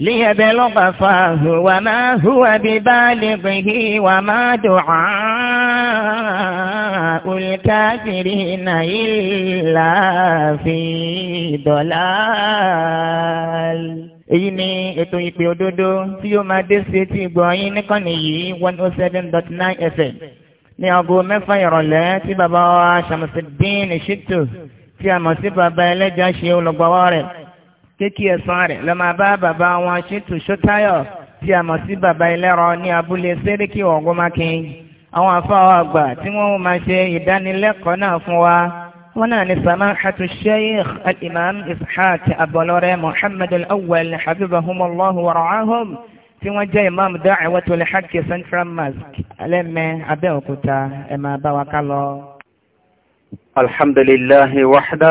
ليبلغ فاه وما هو ببالغه وما دعاء الكافرين إلا في ضلال èyí ni ètò ìpè òdodo tí yóò máa dé sí etí ìgbọ̀n yín níkànnì yìí one oh seven dot nine fm ní aago mẹ́fà ìrọ̀lẹ́ tí bàbá wa Ṣàmùsídín Ṣítù tí a mọ̀ sí bàbá ẹlẹ́jà ṣe olùgbàwọ́ rẹ̀ kéèkì ẹ̀sán rẹ̀ lọ máa bá bàbá wọn ṣètò ṣótáyọ̀ tí a mọ̀ sí bàbá ẹlẹ́rọ ní abúlé sẹ́ríkì ọ̀gọ́mákin àwọn afáwọ̀ àgbà tí wọ́n máa ṣe ìdánilẹ́kọ̀ọ́ náà fún wa wọ́n náà ní samahatu sheikh al-imam ishaq abọlọ́rẹ́ muhammad al-awwal habibahumullahu wa ra'ahum tí wọ́n jẹ́ imam da'watul haqq central mosque alẹ́mẹ́ abẹ́òkúta ẹ̀ máa bá wa ká lọ. alhamdulillahi wahda.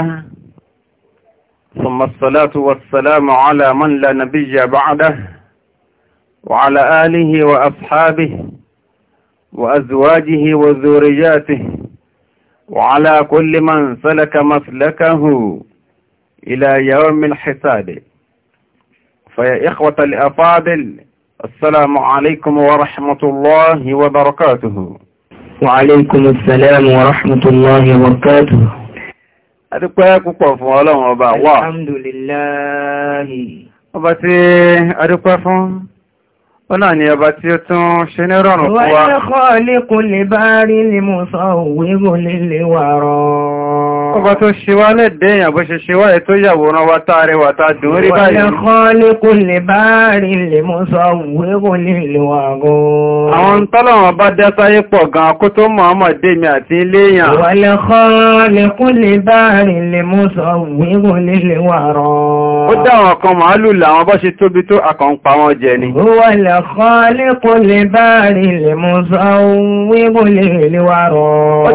ثم الصلاة والسلام على من لا نبي بعده وعلى آله وأصحابه وأزواجه وذرياته وعلى كل من سلك مسلكه إلى يوم الحساب فيا إخوة الأفاضل السلام عليكم ورحمة الله وبركاته وعليكم السلام ورحمة الله وبركاته adúpẹ́ púpọ̀ fún ọlọ́run ọba wà alhamdulillahi ọba tí adúpẹ́ fún ó náà ni ọba tí ó tún ṣe ní rọrùn fún wa wọ́n lẹ́kọ́ lẹ́kùn lè bá rí ní mú òwúrò lè wà rọrùn ọba tó ṣe wá lẹ́dẹ̀ èèyàn bó ṣe ṣe wá ẹ̀ tó yàwòrán wa táàrẹ wà tá dùn rí báyìí àwọn tọ́lọ̀wọ̀n bá dẹ́sáyé pọ̀ gan kó tó mọ̀ ọmọ dèmi àti ilé èèyàn ó dáwọn kan màálù làwọn bá ṣe tóbi tó àkànpá wọn jẹ ni ó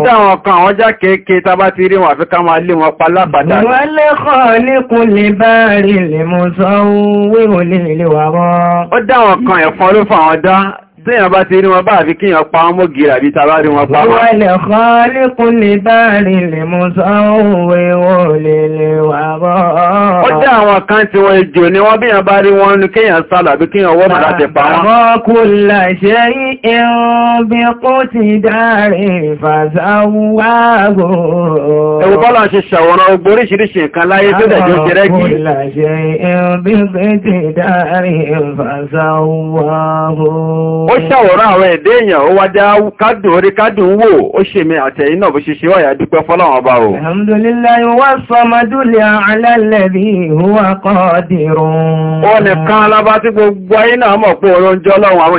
dáwọn kan àwọn já kéèkéé rí wọn àfi ká máa lé wọn palábàdà. Wọ́n lẹ́kọ̀ lékún lè bá rí lè mú sọ́wọ́ wíwò lè lè wà rán. Ó dá wọn kan ẹ̀kan ló fà wọn dá tíyàn bá ti rí wọn bá àfi kíyàn pa ọmọ gíra bí tàbá rí wọn pa ó jẹ́ àwọn kan tí wọ́n ejò ni wọ́n bíyàn bá rí wọn ní kíyàn sálà bí kíyàn wọ́n mọ̀ láti pa wọn. àbọ̀kù làṣẹ irun bí bí kò ti dárí fàṣàwágò ṣàwòrán àwọn èdè èèyàn ó wájá kádùn orí kádùn wò ó ṣe mi àtẹ̀yìn náà bó ṣe ṣe ọ̀yà dúpẹ́ fọ́lọ́wọ́n bá o. alhamdulillahi wa samaduli ala alladhi huwa qadirun. ó nìkan alábá tí gbogbo ayé náà mọ̀ pé oró ń jọ lọ́wọ́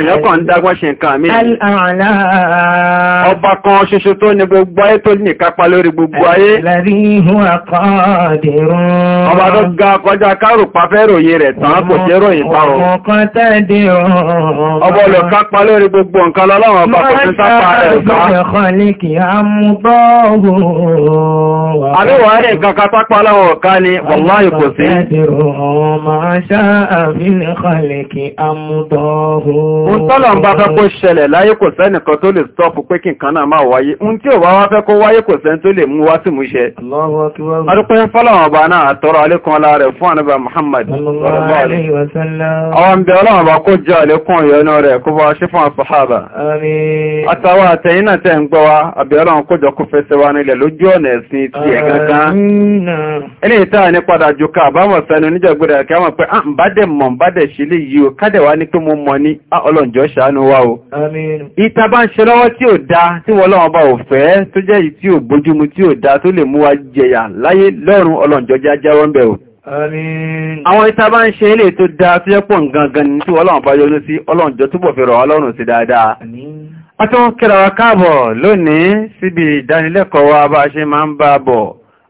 o. ọba olùkọ́ pa lórí gbogbo nǹkan lọ́lọ́wọ́ ọba kò sí sápa ẹ̀ká. Àbíwọ̀ rẹ̀ nǹkan ká sápa lọ́wọ́ ọ̀ká ni wọ̀láyì kò sí. Ó tọ́lọ̀ ń bá fẹ́ kó ṣẹlẹ̀ láyé kò sẹ́nìkan tó lè stọ́pù pé kí nǹkan náà máa wáyé. Ohun tí ò wá wá fẹ́ kó wáyé kò sẹ́n tó lè mú wá sí múṣẹ. Adúpẹ́ fọ́lọ̀wọ̀n ọba náà tọrọ alékun ọlá rẹ̀ fún àníbà Muhammad. Àwọn bá wa ṣe fún àṣàhábà àtàwà àtẹ̀yìn náà tẹ́ ń gbọ́ wa àbí ọlọ́run kójọ kó fẹsẹ̀ wa nílẹ̀ lójú ọ̀nà ẹ̀sìn ti ẹ̀ gangan ilé ìta ní padà jù ká àbámọ̀ sẹ́nu níjọ̀gbẹ̀rẹ̀ kí wọ́n pẹ́ àbádẹ̀ mọ̀ bádẹ̀ ṣe lè yí o kádẹ̀ wá ní pé mo mọ̀ ní ọlọ́njọ́ ṣàánú wa o ìta bá ń ṣe lọ́wọ́ tí ò da tí wọ́n lọ́wọ́ bá ò fẹ́ tó jẹ́ yìí tí ò bójúmu tí ò da tó lè mú wa jẹyà láyé lọ́run ọlọ́njọ́ jájáwọ́ ń bẹ̀ àwọn ìta bá ń ṣe ilé tó dáa tó yẹ́pọ̀ gangan ní tí ọlọ́run bá yọ́nú sí ọlọ́run jọ túbọ̀ fẹ́rọ ọlọ́run sí dáadáa a tó ń kíra wa káàbọ̀ lónìí síbi ìdánilẹ́kọ̀ọ́ wa bá ṣe máa ń bá bọ̀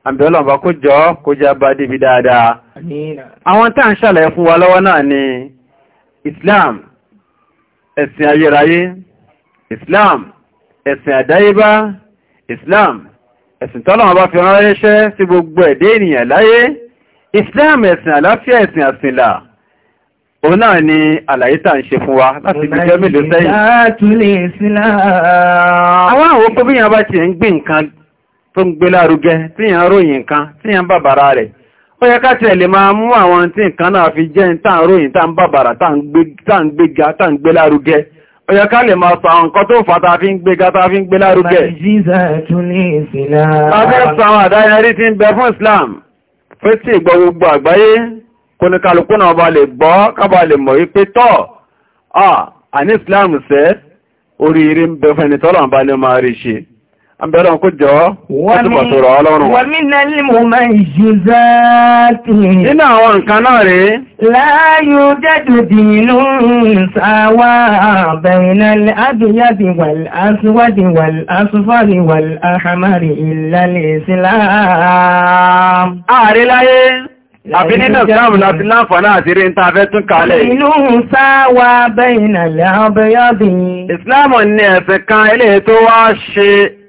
àbí ọlọ́run bá kó jọ kó já bá débi dáadáa àwọn tá ni Islam ẹ̀sìn ayérayé Islam ẹ̀sìn àdáyébá Islam ẹ̀sìn tọ́lọ́run bá fi ránṣẹ́ sí gbogbo ẹ̀dẹ́ islam ẹ̀sìn àláfíà ẹ̀sìn àsìnlá òun náà ni àlàyé tà ń ṣe fún wa láti fi jẹ́ mélòó sẹ́yìn àwọn àwọn òpó bí yàn bá ti ń gbé nǹkan tó ń gbé lárugẹ tí yàn ròyìn nǹkan tí yàn bàbàrà rẹ̀ ó yẹ ká tẹ̀lé máa mú àwọn tí nǹkan náà fi jẹ́ tà ń ròyìn tà ń bàbàrà tà ń gbéga lè máa sọ àwọn nǹkan tó fàtà fi ń gbé gata fi ń gbé lárugẹ Àfẹ́ sọ àwọn àdáyẹrí ti ń bẹ fún Islam fẹ́ tí ìgbọ́ gbogbo àgbáyé kó ní kálukú náà bá lè gbọ́ kábà lè mọ̀ wípé tọ́ à ní Islam sẹ́ oríire ń bẹ fẹ́ni tọ́lọ̀ bá lè máa rí ṣe àbẹ̀rẹ̀ kó jọ ọ́tùpọ̀ sọ̀rọ̀ ọlọ́run wà nínà límò máa ìṣẹ́zá tí nínú àwọn nǹkan náà rẹ̀ láàáyò jẹ́jù dìínú ìsáwà bẹ̀rìnà àbíyàbí wàl'asíwádìí wàl'asífàrí wàl'ahamari ìlàlẹ̀ ìsìláàmù ààrẹ láyé Àbí nínú ìsìláàmù láti láǹfààní àti rí ń ta fẹ́ tún kalẹ̀. Inú sáwà bẹ́yìn àlẹ́ ọbẹ̀ yọ́bìn. Ìsìláàmù ni ẹ̀sẹ̀ kan eléyìí tó wá ṣe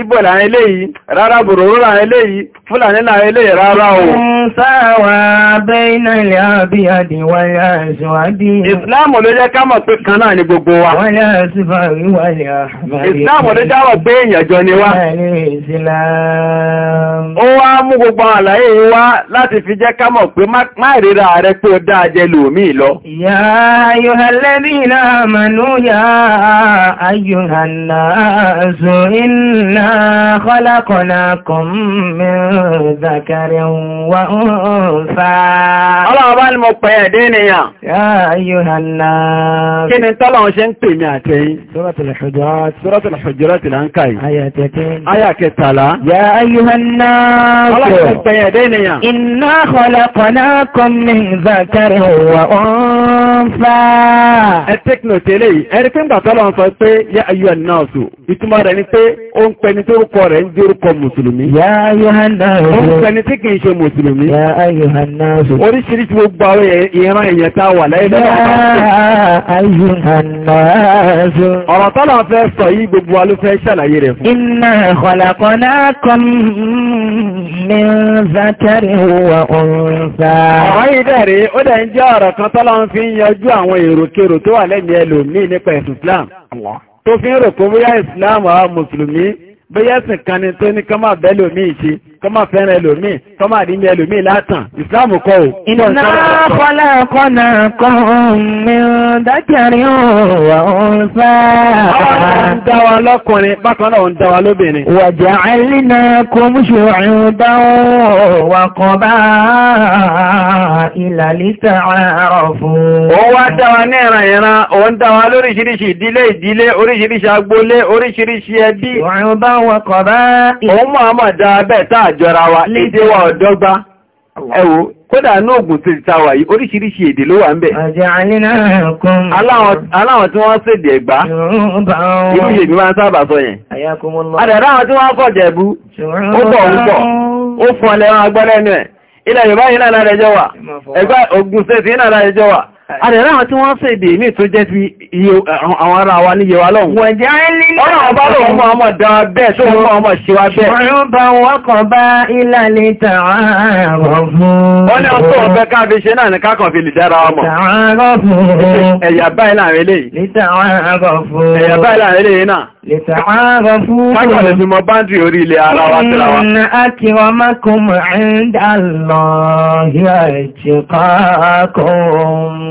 ìbò làrin eléyìí rárá bòròrò làrin eléyìí fúlàní làrin eléyìí rárá o sáwà bẹ́ẹ̀nà ilẹ̀ àbíyàdì wáyà ìṣòwádí. Ìsìláàmù ló jẹ́ ká mọ̀ pé kan náà ni gbogbo wa. Wáyà sífà rí wáyà. Ìsìláàmù ló jẹ́ wọ̀ pé èèyàn jọ ni wá. Ó wá mú gbogbo àlàyé wá láti fi jẹ́ ká mọ̀ pé má inna khalaqnakum min dhakarin wa أنفا Ọlọ́run bá ní mo pẹ̀ ẹ̀dẹ́ ènìyàn. Yá ayyuhanna. Kí ni tọ́lọ̀un ṣe ń pè mí àtẹ́yìn? Suratul Hujurat. Suratul Hujurat ti là ń kàí. Ayà tẹ́tẹ́. Ayà kẹtàlá. Yá ayyuhanna. Ọlọ́run pẹ̀ ẹ̀dẹ́ ènìyàn. Inna khalaqnakum min dhakarin wa أنفا أتك نوتيلي أريكم بطلع أنفا يا أيها الناس ìtumọ̀ rẹ̀ ni pé ó ń pẹni tó rúkọ rẹ̀ ń dé orúkọ mùsùlùmí. yà á yohana ọ̀rọ̀ ó ń pẹni tí kìí ṣe mùsùlùmí. yà á yohana ọ̀rọ̀ oríṣiríṣi gbogbo àwọn ìran èèyàn tá a wà láyé lọ́wọ́. yà á yohana sọ ọ̀rọ̀ yìí yanjú àwọn èròkèrò tó wà lẹ́mìí ẹlòmíì nípa ẹ̀sùn Islam tó fi ń rò pé bóyá Islam àwọn mùsùlùmí bóyá ẹ̀sìn kan ni tó ní ká má bẹ́lòmíì ṣe kọ́mà fẹ́ràn ẹlòmíì kọ́mà àdínyẹ ẹlòmíì látàn ìsìláàmù kọ́ ò. iná fọlá kọ́nà kan mi dákẹ́rin wà ń fà. ọ̀rọ̀ ń dá wa lọ́kùnrin bákan náà ń dá wa lóbìnrin. wàjà àìlínà kò mú ṣòrin bá wà kan bá ìlàlítà àárọ̀ fún. ó wá dá wa ní ìran ìran ó ń dá wa lóríṣiríṣi ìdílé ìdílé oríṣiríṣi agboolé oríṣiríṣi ẹbí. wà ń bá wà kan bá. òun mọ̀ àmọ̀ dáa bẹ́ẹ̀ táà jọra wa èdè wa ọ̀dọ́gba ẹwò kódà ní ògùn tó ti tàwà yìí èdè ló wà ń bẹ̀. aláwọn tí wọ́n ṣèdè ẹ̀gbá ìlú ìṣègbè máa ń sábà sọ yẹn. àdàrà tí wọ́n kọ̀ jẹ̀bú ó pọ̀ ó fọ́n lẹ́wọ́n agbọ́lẹ́nu ẹ̀ ilẹ̀ Yorùbá yìí náà ẹgbẹ́ àdẹ̀rẹ́ àwọn tí wọ́n fèdè ní tó jẹ́ ti àwọn ará wa ní yẹwa lọ́wọ́ wọ̀jẹ́ lílẹ̀ ọ̀rọ̀ ọba lòun mọ́ ọmọ dán bẹ́ẹ̀ tó mọ́ ọmọ ṣíwá bẹ́ẹ̀ wọ́n bá wọ́n kọ̀ bá ìlàlẹ̀ tààrọ̀ fún wọ́n ní ọ̀tọ́ ọ̀bẹ́ káàfi ṣe náà ní kákan fi lè dára ọmọ ẹ̀yà báyìí láàrin eléyìí ẹ̀yà báyìí láàrin eléyìí náà Kákan lè fi mọ báńdì orí ilẹ̀ ara wa tẹ́ra wa. Inna akramakum 'inda Allahi atqakum.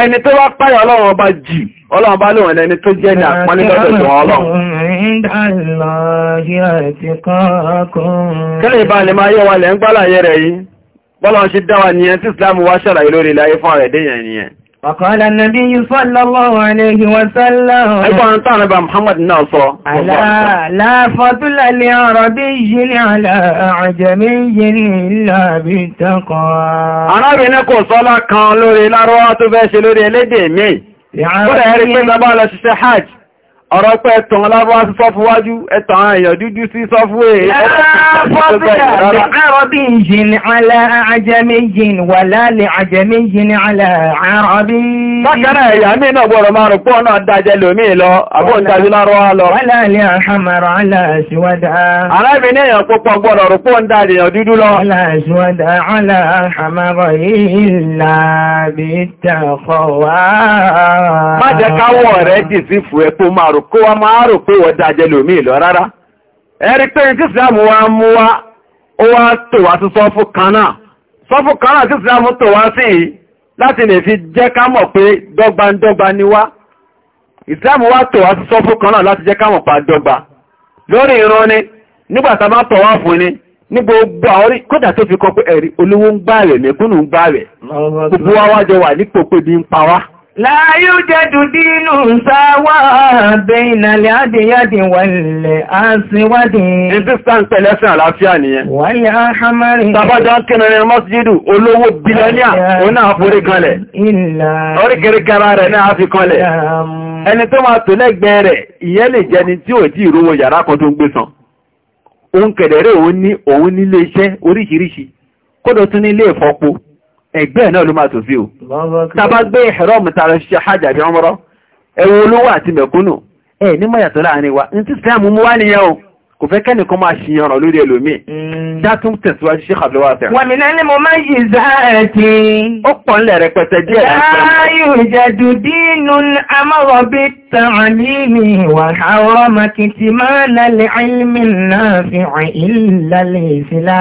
ẹni tó bá páyà ọlọ́run ọba jì ọlọ́run bá lóhun ẹni tó jẹ́ ní àpọ́nlé lọ́dọ̀ ọlọ́run kẹ́lẹ̀ ìbá lè máa yẹ́ wa lẹ́ ń gbálàyé rẹ̀ yìí bọ́lọ́run ṣe dáwà nìyẹn tí Islam وقال النبي صلى الله عليه وسلم أيضا أنتعنا بقى محمد الناصر ألا لا فضل لعربي على أعجمي إلا بالتقوى أنا بينكو صلاة كان لوري لاروا تفاشي لوري لدي مي ولا يريد بقى لسيحاج ọ̀rọ̀ pẹ́ tàn lábọ́ sí sọ́fú wájú ẹ̀tàn èèyàn dúdú sí sọ́fú èèyàn Bákanáà ẹ̀yà mí náà gbọ́rọ̀ máa rò pọ́ náà dájẹ́ lómí lọ, àbó ń tajú lárọ́ lọ. Wàláàlẹ́ àhàmàrọ̀ aláàṣíwádà. Arábìn èèyàn púpọ̀ gbọ́rọ̀ rò pọ́ ń dájẹ́ èèyàn Má jẹ́ káwọ̀ rẹ̀ jì sí fù ẹ tó máa rò kó wa máa rò pé wọ́n dájẹ́ lómi ìlọ rárá ẹ̀rí pé ní kìsìlámù wa mú wa ó wá tò wá sí sọ́fù kanáà sọ́fù kanáà kìsìlámù tò wá sí yìí láti lè fi jẹ́ ká mọ̀ pé dọ́gbandọ́gba ni wá ìsìlámù wa tò wá sí sọ́fù kanáà láti jẹ́ ká mọ̀ pa dọ́gba lórí ìran ni nígbàtà bá tọ̀ wá fún ni ní gbogbo àwọn wá láyú jẹ́dù dínú sáwà bẹ́yìn alẹ́ àdíyàdì wọlé àṣíwádì. ìdíṣàn pẹ̀lẹ́sìn àlàáfíà nìyẹn. wọlé àhámárì. tàbájá kẹrẹrẹ mọ́sídù olówó bílọ́níà òun náà forí kanlẹ̀. oríkẹrẹkẹrẹ rẹ̀ náà fi kanlẹ̀. na tó máa tò lẹ́gbẹ̀ẹ́ rẹ̀ ìyẹn lè jẹni tí ò kan tó ẹgbẹ́ náà ló máa tò sí o tàbá gbé ìhẹ̀rọ́mù tààrà ṣíṣe hajj àbí ọmọrọ ẹwọ olówó àti mẹ̀kúnnù ẹ̀ ní mọ̀yàtọ̀ láàrin wa ní tí Islam mú wá nìyẹn o kò fẹ́ kẹ́ni kan máa ṣìyàn ràn lórí ẹlòmíì já mm. tún tẹ̀síwájú ṣe kàbílẹ̀ wáṣẹ̀. wọ́n mi náà ni mo máa yìí záàtì. ó pọ̀ ńlẹ̀ rẹpẹtẹ díẹ̀. láàyò ìjẹ̀dù dínú amọ́rọ̀bí tàlímì wà àwọ̀ màkìtì máa lálẹ́ àìlmì náà fi hàn ìlàlẹ̀ ìsìlá.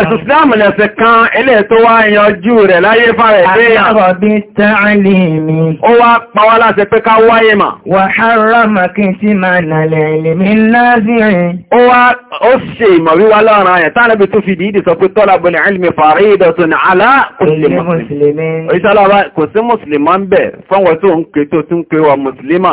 ẹ̀sùn síláàmù lẹ̀sẹ̀ kan ilé tó wá yanjú rẹ̀ láyé fàrẹ̀ léyà. amọ́rọ̀bí tàlímì náàzìrín. Ó ṣe ìmọ̀ wíwá lọ́rọ̀ ayẹ̀ tánàbí tó fi dìídì sọ pé tọ́lábọ̀lì ilmi faridatun ala kulli muslimin. Oríṣàlọ́wà kò sí Mùsùlùmá ń bẹ̀ fọ́nwọ́ tó ń ké tó tún ké wa Mùsùlùmá.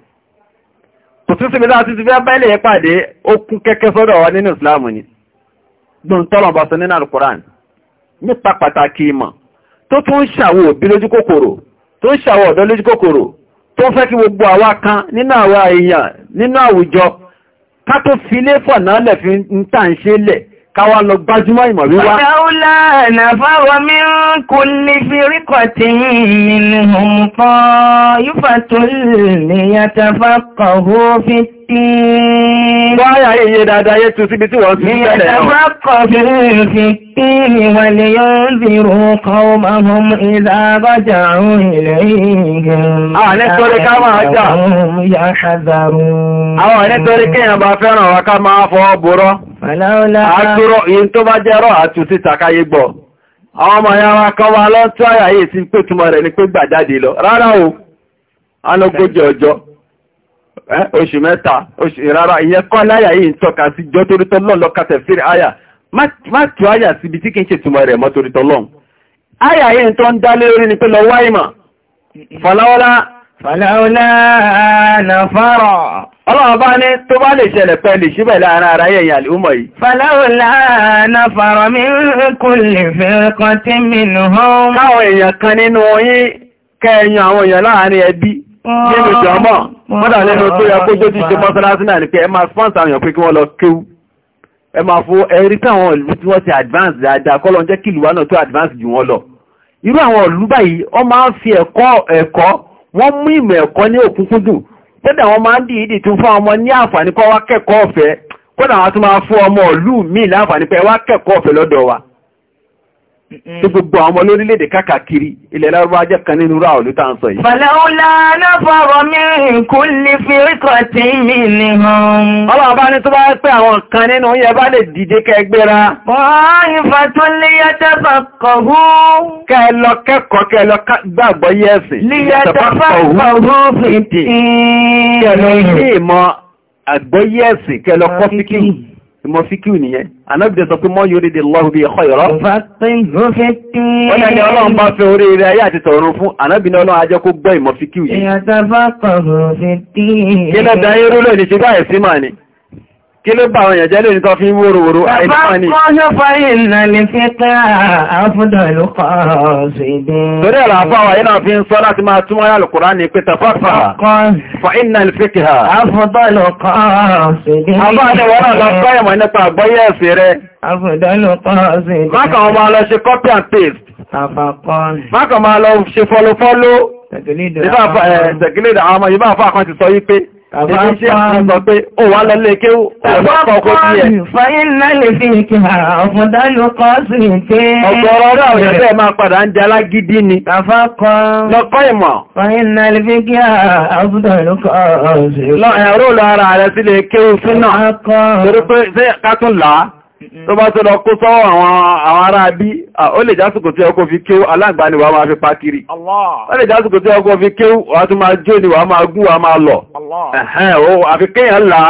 kò tún síbi láti ti fẹ́ bẹ́ẹ̀lẹ̀ pàdé ó kẹ́kẹ́ sọ́dọ̀ wa nínú islam ni gbọ́n tọ́lọ̀ sọ nínú alukoran nípa pàtàkì ìmọ̀ tó tún ń ṣàwọ̀ òbí lójú kòkòrò tó ń ṣàwọ̀ ọ̀dọ́ lójú gbogbo àwa kan nínú àwa èèyàn nínú àwùjọ ká tó fọ̀nà ń tà ń káwà lọ gbájúmọ́ ìmọ̀ wíwá. Ọ̀dáúlá nàfáwọ́ mi ń kò lè fi ríkọ̀ tí nínú ọmọkọ́ yúfà tó lè yàtà fàkọ̀hó fi tí. Wáyà iye dáadáa yé tún síbi tí wọ́n ti tẹ́lẹ̀ náà. Yàtà fàkọ̀hó fi tí ni wà lè yóò zìrò kọ́ọ̀mọ́hún ìdágọ́jà ilẹ̀ ìgbẹ̀rún. Àwọn ẹ̀nẹ́tọ́rí ká máa jà. Àtúrọ̀ yìí tó bá jẹ́rọ̀ àtú sí takáyé gbọ́. Àwọn ọmọ ya wá kọ́ wa lọ tó àyà yìí sí pé túnmọ̀ rẹ̀ ni pé gbà jáde lọ. Rárá o, alógójì ọjọ́, oṣù mẹ́ta, oṣù rárá, ìyẹn kọ́ láyà yìí ń tọ́ka sí jọ torítọ́ lọ́n lọ kàtẹ̀ fírí àyà. Má tú àyà ni pé lọ wá ìmọ̀. Fọláwọ́lá. Ọlọ́run bá ní tó bá lè ṣẹlẹ̀ pẹ́ lè láàrin ara yẹ̀yìn àlúmọ̀ yìí. Fàláwòlá na fàrọ̀ mi kò lè fẹ́ kan tí mìnú hàn. Káwọn èèyàn kan nínú yín kẹ́ẹ̀yàn àwọn èèyàn láàrin ẹbí nínú jọmọ́, mọ́dà nínú tó yẹ kó jójú ṣe mọ́sánásí náà ni pé ẹ máa spọ́nsà àwọn èèyàn pé kí advance dáadáa kọ́ lọ jẹ́ kí ìlú advance jù wọ́n lọ. Irú àwọn ìlú báyìí, wọ́n máa ń fi ẹ̀kọ́ kódà wọn máa ń dìídì tún fún ọmọ ní àǹfààní kọ́ wá kẹ́kọ̀ọ́ ọ̀fẹ́ kódà wọn tún máa fún ọmọ ìlú míì láǹfààní pé wá kẹ́kọ̀ọ́ ọ̀fẹ́ lọ́dọ̀ wa tí gbogbo àwọn ọmọ lórílẹ̀-èdè kákàkiri ilẹ̀ lárúbá jẹ́ kan nínú ra òlú tàà sọ yìí. fàlàúlà aláfàwọ̀ mẹ́rin kú lè fi ríkọ̀ tí mi ní hàn. ọlọ́run bá ní tó bá pẹ́ àwọn kan nínú yẹ bá lè dìde kẹgbẹ́ra. wọ́n ìfà tó ìmọ̀ fíkíù nìyẹn anábìdẹ̀ sọ pé mọ́ yóò rédè lọ́hùn bí ẹ̀kọ́ ìrọ́ wọ́n ni ọlọ́run bá fẹ́ orí rẹ̀ ayé àti tọ̀run fún anábìdẹ̀ ọlọ́run ajẹ́ kó gbọ́ ìmọ̀ fíkíù yìí kí ló bá àwọn èèyàn jẹ́ lè ní tọ́ fi ń wóròwòrò àìdíkọ́ni. bàbá kọ́jọ́ fàyè náà lè fi pẹ́ àfúdọ̀ ìlú kọ́ọ̀sì bí. torí ẹ̀rọ àfáwà yìí náà fi ń sọ láti máa túmọ̀ yà lùkùrá ní pé tàfàfà fà iná ìfẹ́kì ha. àfúdọ̀ ìlú kọ́ọ̀sì bí. àbá àdẹ̀wọ̀ náà lọ má kàn máa lọ ṣe copy and paste. tàfàkọ́n. má kàn máa lọ ṣe fọlọfọlọ. Àbá tí a ń sọ pé ó wà lọ́lé kí ó ọ̀pọ̀ kó tí ẹ̀. Fáyín náà lè fi ìkì ọ̀fún dánú kọ́ sí pé ọ̀gọ̀rọ̀ ọ̀rọ̀ ọ̀rẹ́ bẹ́ẹ̀ máa padà ń jẹ́ alágídí ni. tó bá tó lọ kó sọ́wọ́ àwọn ará bí ó lè jásùkò tí ọkọ̀ fi kéwú alágbàníwà máa fi pákiri ó lè jásùkò tí ọkọ̀ fi kéwú wà tó máa jó ni wà máa gún wà máa lọ ẹ̀hẹ́ àfikẹ́yàn láà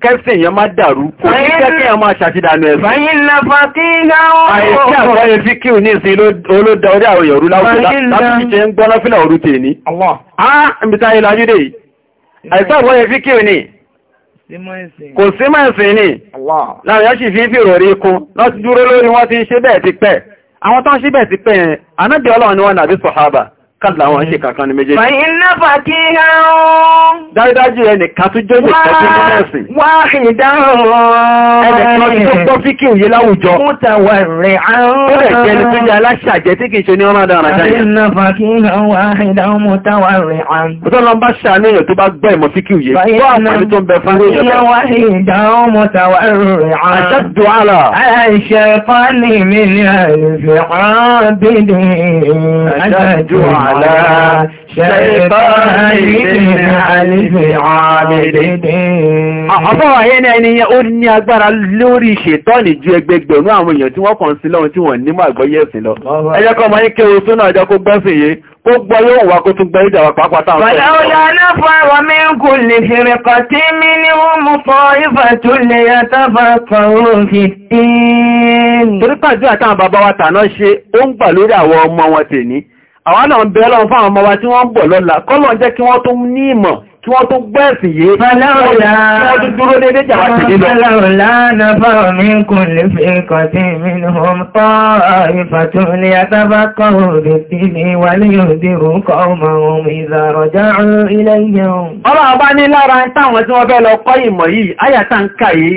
kẹ́sìn èèyàn má dàrú kò ní jẹ́ kí èèyàn máa ṣàtìdànù ẹ̀sìn. fàyín la fàtíhà ó. àìsí àwọn ẹyẹ fi kí ní ìsìn olóda orí àwọn èèyàn rú láwùjọ láti ṣe ń gbọ́nà fílà òru tèní. ah ibi táyé lajú dé yìí àìsí àwọn ẹyẹ fi kí ní kò sí mọ́ ẹ̀sìn ní láwọn yá sì fi ń fèrò rí kún láti dúró lórí kàdà àwọn ṣe kankan ní méjèèjì. Fàyín náà fàkí ẹ̀rùn. Dájúdájú ẹnìkan tó jẹ́ nìkan tí ó mẹ́sìn. Wá ìdáhùn. Ẹnìkan tó gbọ́ fíkì òye láwùjọ. Múta wà rẹ̀ àrùn. Ó lè jẹ́ ẹni tó jẹ́ aláṣàjẹ́ tí kìí ṣe ní ọmọdé ọ̀nà jáyà. Fàyín náà fàkí ẹ̀rùn wá ìdáhùn múta wà rẹ̀ àrùn. Ó tọ́ lọ bá ṣàníyàn tó bá gbọ́ ìmọ̀ fíkì òye. Fàyín náà fàkí ẹ̀rùn wá ìdáhùn múta wà rẹ̀ àrùn. Àṣàdù àlà. Àṣàfánì mi ni àìsàn على شيطان ابن علي عابدين àbọ̀wà yẹn ní ẹni yẹn ó ní agbára lórí ṣètọ́nì ju ẹgbẹgbẹ̀rún àwọn èèyàn tí wọ́n kàn sí lọ́run tí wọ́n nímọ̀ àgbọ́yé ẹ̀sìn lọ ẹjọ́ kọ́ mọ́ ní kéwò sónà ọjọ́ kó gbọ́sìn yìí ó gbọ́ yóò wà kó tún gbọ́ ìjà wà pàápàá Wàláwọ́lá àwọn náà ń bẹ ọlọ́run fáwọn ọmọ wa tí wọ́n bọ̀ lọ́la kọ́lọ̀ jẹ́ kí wọ́n tó ní ìmọ̀ kí wọ́n tó gbẹ́ẹ̀sì yé fi kọ̀tí mi ní ọmọ ìfàtò ní àtàbákọ̀ òde Ọlọ́run bá ní lára táwọn tí wọ́n fẹ́ lọ kọ́ ìmọ̀ yìí, áyà ń kà yìí,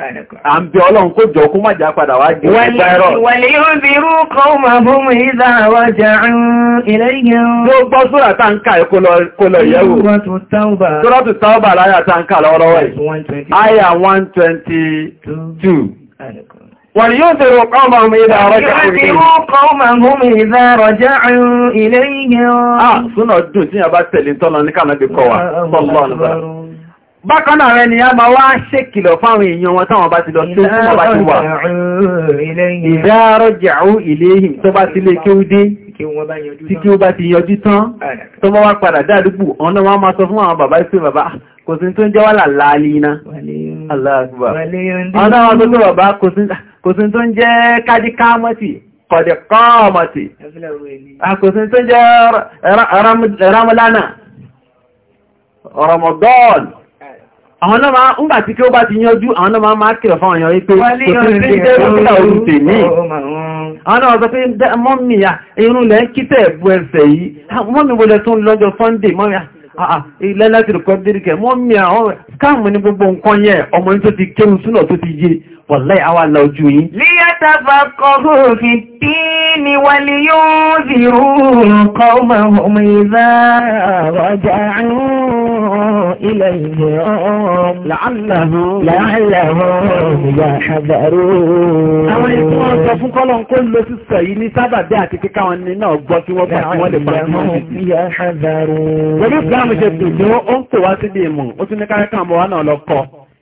à ń bí ọlọ́run kó jọ kó má padà wá jẹ́ ìpẹ́rọ̀. wàlẹ̀ yóò bí irú kan máa fún mi ìdá àwọn jà ń ilẹ̀ yẹn. ló gbọ́ sóra tá ń kà sóra tó táwọ́bà láyà tá ń kà àyà one twenty two. ولينذروا قومهم إذا رجعوا إليهم قومهم إذا رجعوا إليهم آه سنة الدنيا بس bákan náà rẹ ni a máa wá ṣèkìlọ̀ fáwọn èèyàn wọn táwọn bá ti lọ tó fún ọba ti wà ìdárọ̀jàú iléhìn tó bá ti lè kí ó dé tí kí ó bá ti yanjú tán tó bá wá padà dáadúgbò ọ̀nà wọn máa sọ fún àwọn bàbá ìpé bàbá kò sí tó ń jẹ́ wàlà Ramadan àwọn náà máa ń gbà kí ó bá ti yanjú àwọn náà máa máa kìlọ̀ fáwọn èèyàn wípé kò tí ń rí dókítà orí tèmi àwọn náà sọ pé mọ́mí ya irun lẹ́ kítẹ̀ ẹ̀bù ẹsẹ̀ yìí mọ́mí wo lẹ tún lọ́jọ́ sunday mọ́mí lẹ́lẹ́tì rẹ̀ kọ́dírí kẹ mọ́mí àwọn káàmù ní gbogbo nǹkan yẹn ọmọ yìí tó ti kéwù súnà tó ti yé wọ̀lẹ́ àwa la ojú yìí. líyàtà bá kọ́ الدين ولينذروا قومهم إذا رجعوا إليهم لعلهم لعلهم يحذرون àwọn ètò wọn sọ fún kọ́lọ̀ ń kó lọ sí sọ yìí ní sábàbí àti kíkà wọn ní náà gbọ́ kí wọ́n bá kí wọ́n lè bá wọn sí. pẹ̀lú ìsìlámù ṣe tòjó ó ń pè wá síbi ìmọ̀ ó tún ní káyọ̀kan ọmọ náà lọ kọ́.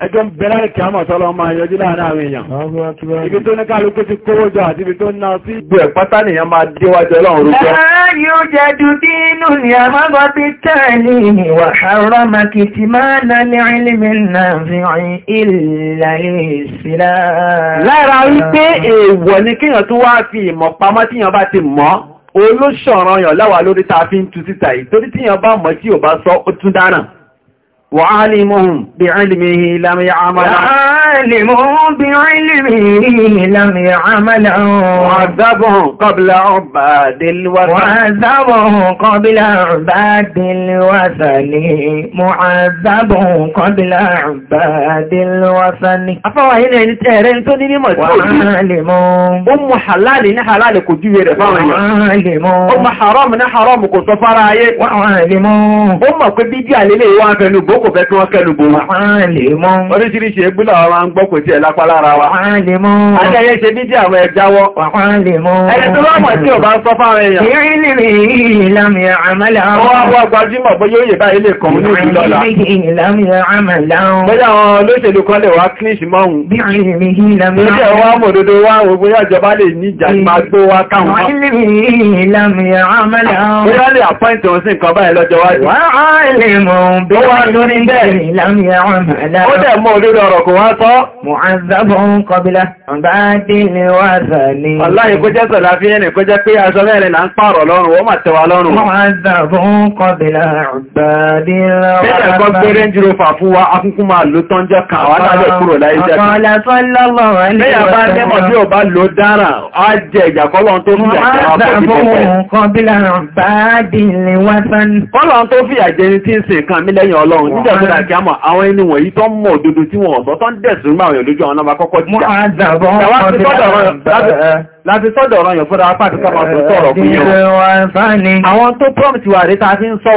ẹjọ́ ń bẹ̀rẹ̀ kí a mọ̀ tọ́lọ máa yọjú láàrin àwọn èèyàn ibi tó ní kálukú ti kówó jọ àti ibi tó ń náà sí ìgbò ẹ̀pátá nìyàn máa déwájọ́ ọlọ́run rúgbọ́ láàárín ó jẹ́ dúdú inú ni a máa bọ́ sí tẹ́ẹ̀lì ìwà àrọ́ makìtì máa na ní ilmi náà fi ìsìlá وعالمهم بعلمه لم يعمل العالم بعلمه لم يعمله وعذبه قبل عباد الوثن وعذبه قبل عباد الوثن معذبه قبل عباد الوثن afọ́wà yìí ẹni ẹ̀rẹ́ tó ní mímọ̀ tí ó rí ó mú halali ní halali kò jú rẹ̀ fáwọn èèyàn ó mú haram ní wọ́n fẹ́nu bó kò fẹ́ tí ọ̀rọ̀ ń gbọ́ kò tí ẹ̀ lápá lára wa. Adẹ́yẹ ṣe bí díàwọ̀ ẹ̀ jáwọ́. Ẹni tó bá tí ò bá ń sọ fáwọn èèyàn. Ìrìn lè ìlàmì àmàlà. Ọwọ́ àwọn agbájúmọ̀ bóyá ó yè bá ilé kan ní ìlú lọ́la. Bóyá àwọn olóṣèlú kan lè wá kílíṣì mọ́hun. Bí ìrìn lè ìlàmì àmàlà. Ó Mùhàzàbùn kọbílá, ọ̀gbá dí ní wáza ní. Ọláyé kó jẹ́ sọ̀lá fi ẹnì kó jẹ́ pé aṣọ mẹ́rin là ń pààrọ̀ lọ́rùn, wọ́n mà tẹwa lọ́rùn. Mùhàzàbùn kọbílá, ọ̀gbá dí ní wáza ní. Bẹ́ẹ̀ kọ́ pé rẹ́ńjì ro fà fún wa, akúnkún máa lò tán jẹ́ kà wá lábẹ́ kúrò láyé jẹ́. Ọ̀kọ̀ọ̀lá sọ́lọ́lọ́ rẹ̀ ní ìwọ̀n. Bẹ́ẹ̀ bá tẹ́mọ̀ tí ò bá lò dára, á jẹ ìjàkọ́lọ́ tó fi àjẹ́ wa pọ̀ sí pẹ̀pẹ̀. Kọbílá, ọ̀gbá dí fi àjẹ́ ni tí ń sin nǹkan mí lẹ́yìn Ọlọ́run, nígbà tó dà kí á mọ̀ àwọn ẹni wọ̀nyí tó mọ̀ òdodo tí wọ́n ọ̀tọ́ tó ẹ̀sùn máa yàn lójú àwọn náà kọ́kọ́ jíjà. Mọ́ àjàbọ̀ láti sọ́dọ̀ ọ̀rọ̀ yàn fúnra apá àti ká máa sọ̀rọ̀ fún yàn. Àwọn tó prompt wà rí ta fi ń sọ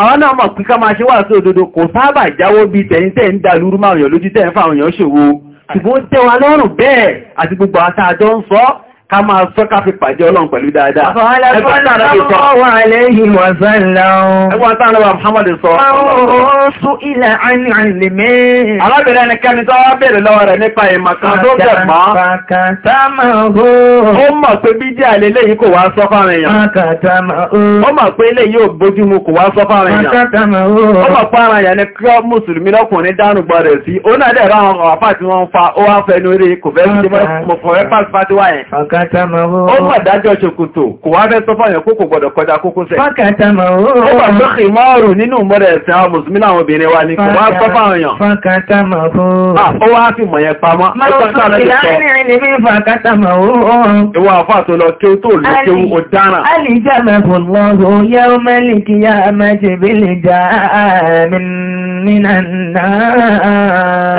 àwọn náà mọ̀ pí ká máa ṣe wà sí òdodo kò sábà jáwó bí tẹ̀yìn tẹ̀ ń dà lúrú márùn-ún lójú tẹ̀ ń fàwọn èèyàn ṣòwò ah. ṣùgbọ́n tẹ́wà lọ́rùn bẹ́ẹ̀ àti gbogbo àtàjọ ń sọ ká máa sọ ká fi pàdé ọlọ́run pẹ̀lú dáadáa. Ẹgbọ́n tánà bí sọ. Ẹgbọ́n tánà bí Muhammad sọ. Oṣù ilẹ̀ àìlèmé. Arábìnrin ẹnikẹ́ni tó wá bèèrè lọ́wọ́ rẹ̀ nípa ìmọ̀ kan àwọn àpá tí wọ́n ń fa ó Fákàtàmọ̀wó. Ó mà dájọ́ ṣokùtò, kò wá rẹ́ sọ fáyàn kó kò gbọdọ̀ kọjá kókó sẹ̀. Fákàtàmọ̀wó. Ó bà tó kì márùn nínú mọ́rẹ̀ ẹ̀sìn àwọn Mùsùlùmí láwọn obìnrin wa ni kò wá sọ fáyàn. Fákàtàmọ̀wó. Ó wá fi mọ̀ yẹn pamọ́. Ìwọ àfà tó lọ kí ó tó lọ kí ó dáràn. Alìjàmẹ̀fọ̀ lọ́wọ́ yẹ́ mínàná.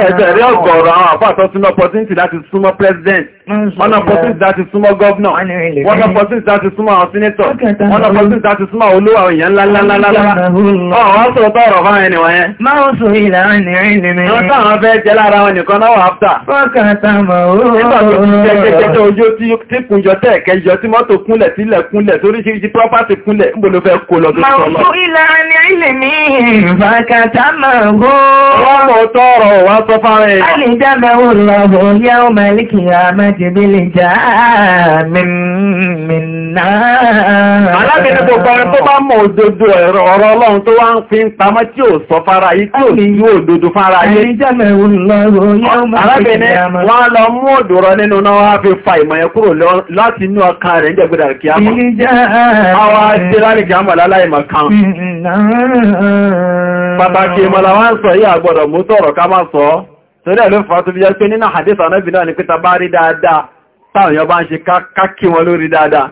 Ẹ̀sẹ̀ rí ọ̀gọ̀rọ̀ àwọn àpáàtọ̀ súnmọ́ opportunity láti súnmọ́ president, wọ́n opportunity láti súnmọ́ governor, wọ́n opportunity láti súnmọ́ àwọn senator, wọ́n opportunity láti súnmọ́ olówó àwọn èèyàn ńláńláńláńlá. Ọ̀wọ́n sọ tọ́rọ̀ fáwọn ẹni wọ̀nyẹn. Máa ń sọ ìlànà ìrìnlẹ̀. Wọ́n táwọn fẹ́ jẹ lára wọn nìkan náà wà áfta. Ṣàngó. Ọlọ́pọ̀ tọrọ wá sọ Ọlọ́run tó wá ń fi ń pamọ́ tí ò sọ fára yìí tí ò sí òdodo fára yìí. A lè lọ́wọ́ yá ó máa lè kìí ọ̀rọ̀ làwọn ń sọ yí àgbọ̀dọ̀ mú tọ̀rọ̀ ká máa sọ torí ẹ̀ ló fà tó fi jẹ́ pé nínú àdísà náà bí náà ni pẹ́ta bá rí dáadáa táwọn èèyàn bá ń ṣe kákí wọn lórí dáadáa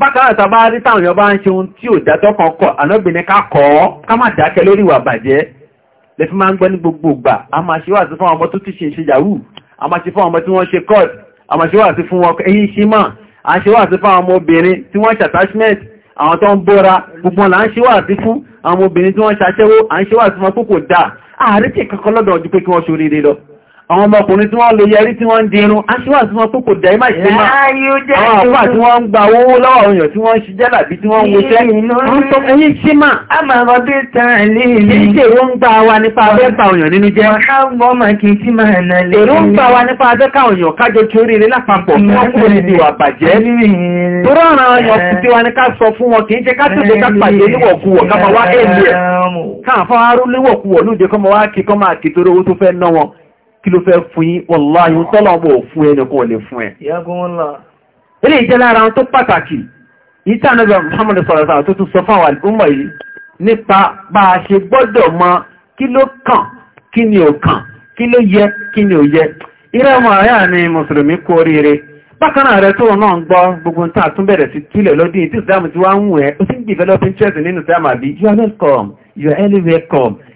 bákanáà tàbá rí táwọn èèyàn bá ń ṣe ohun tí ò dátọ́ kan kọ̀ ànábìnrin ká kọ́ ọ́ ká má dákẹ́ lórí ìwà bàjẹ́ lè fi máa ń gbọ́ ní a máa ṣe wà a máa ṣe fún a máa ṣe wà a ṣe wà sí fún ọmọ obìnrin àwọn tó ń bóra gbogbo là ń ṣe wà sí fún àwọn obìnrin tí wọ́n ṣaṣẹ́wó à ń ṣe wà sí wọn kókò dáa ààrẹ tí kankan lọ́dọ̀ ọdún pé kí wọ́n ṣoríire lọ àwọn ọmọkùnrin tí wọ́n lè yẹrí tí wọ́n ń dirun aṣíwà tí wọ́n tó kò dẹ̀ máa ṣe máa àwọn àpá tí wọ́n ń gba owó lọ́wọ́ òyìn tí wọ́n ń ṣe jẹ́là bí tí wọ́n ń wọ́ṣẹ́ wọ́n tó ẹyìn ṣe máa àmàrọ̀ bí tààlì ní ṣe èròǹgbà wa nípa abẹ́ bá òyìn nínú jẹ́ èròǹgbà wa nípa abẹ́ ká òyìn kájọ tí oríire lápapọ̀ tí wọ́n kúrò níbi ìwà bàjẹ́ tó rọrùn ọyàn tí wọ́n ní ká sọ fún wọn kì í ṣe ká tó lè ká pàdé níwọ̀kuwọ̀ ká máa wá èlé ẹ̀ káàfọ́ arúléwọ̀kuwọ̀ lóde kọ́ máa wá kí kọ́ máa kìtòrò owó tó fẹ́ ná wọn kí ló fẹ́ fún yín wọ́láyí ń tọ́lọ̀ ọmọ òfún ẹnìkan ò lè fún ẹ. ilé ìjẹ́ lára tó pàtàkì ìta anábẹ́ Muhammad sọ̀rọ̀sọ̀rọ̀ tó tún sọ fún àwọn àlùmọ̀ yìí nípa bá a ṣe gbọ́dọ̀ mọ̀ kí ló kàn kí ni ò kàn kí ló yẹ kí ni ò yẹ. irẹ́ ọmọ àyà ni mùsùlùmí kú oríire bákan náà rẹ tó náà ń gbọ́ gbogbo nǹkan àtúnbẹ̀rẹ̀ sí túlẹ̀ lọ́dún tí ìsìlámù ti wá ń wù ẹ́ o ti ń develop interest nínú sáàmù àbí welcome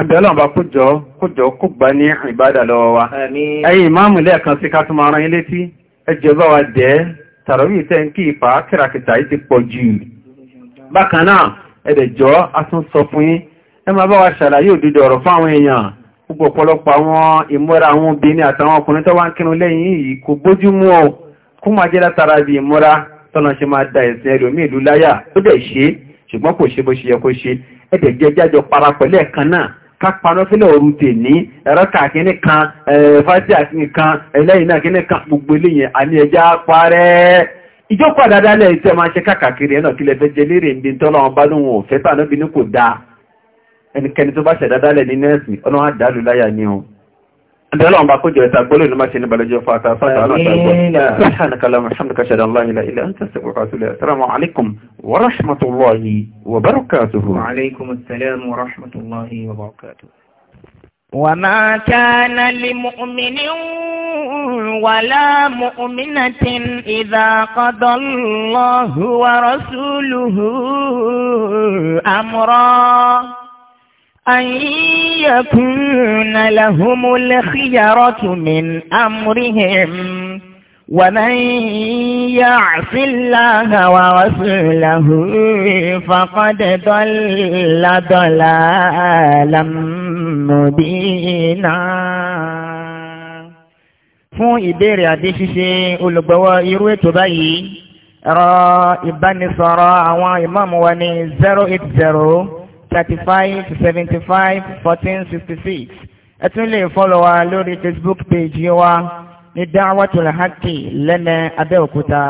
Àbẹ̀lọ́n bá kójọ kójọ kó gbá ní ìbádà lọ́wọ́ wa. Ẹ̀yin ìmáàmù lẹ́ẹ̀kan sí ká tún máa rán yín létí, ẹjọ́ bá wa dẹ̀ tàràwí ìtẹ́ ń kí ìfà kìràkìtà yìí ti pọ̀ jù. Bákan náà, ẹ̀dẹ̀jọ́ a tún sọ fún yín, ẹ máa bá wa ṣàlàyé òdodo ọ̀rọ̀ fáwọn èèyàn. Gbogbo ọ̀pọ̀lọpọ̀ àwọn ìmúra àwọn obìnrin àtàwọn ọkùnrin jẹ́ jẹ́ jájọ para pẹ̀lú ẹ̀kan náà ká paná sílẹ̀ òru tèní ẹ̀rọ kàkíní kan fásitì àkíní kan ẹlẹ́yìn náà kíní kan gbogbo eléyìn àní ẹja parẹ́ ìjọpọ̀ àdádálẹ̀ iṣẹ́ máa ṣe káàkiri ẹ̀nà kílẹ̀ fẹ́ jẹ lérè ní tọ́lọ́wọ́n bá lóhun òfẹ́ tàbí ní kò dáa ẹnikẹ́ni tó bá ṣẹ̀dádálẹ̀ nínú ẹ̀sìn ọlọ́run àdálù láyà ni دلهم باكو جو تقولوا لما شيء بلجوا فاتا فاتا سبحانك اللهم وبحمدك اشهد ان لا اله الا انت استغفرك واتوب اليك السلام عليكم ورحمه الله وبركاته وعليكم السلام ورحمه الله وبركاته وما كان لمؤمن ولا مؤمنة إذا قضى الله ورسوله أمرا أن يكون لهم الخيرة من أمرهم ومن يعص الله ورسوله فقد ضل ضلالا مبينا fún ìbéèrè àdé olùgbọ́wọ́ irú ètò báyìí ẹ̀rọ ìbánisọ̀rọ̀ àwọn ìmáàmù wa ní zero 35 75 14 66 ẹ tún lè fọ́lọ̀ wa lórí Facebook page wa ní Da'watul Haqqi lẹ́nẹ̀ Abẹ́òkúta.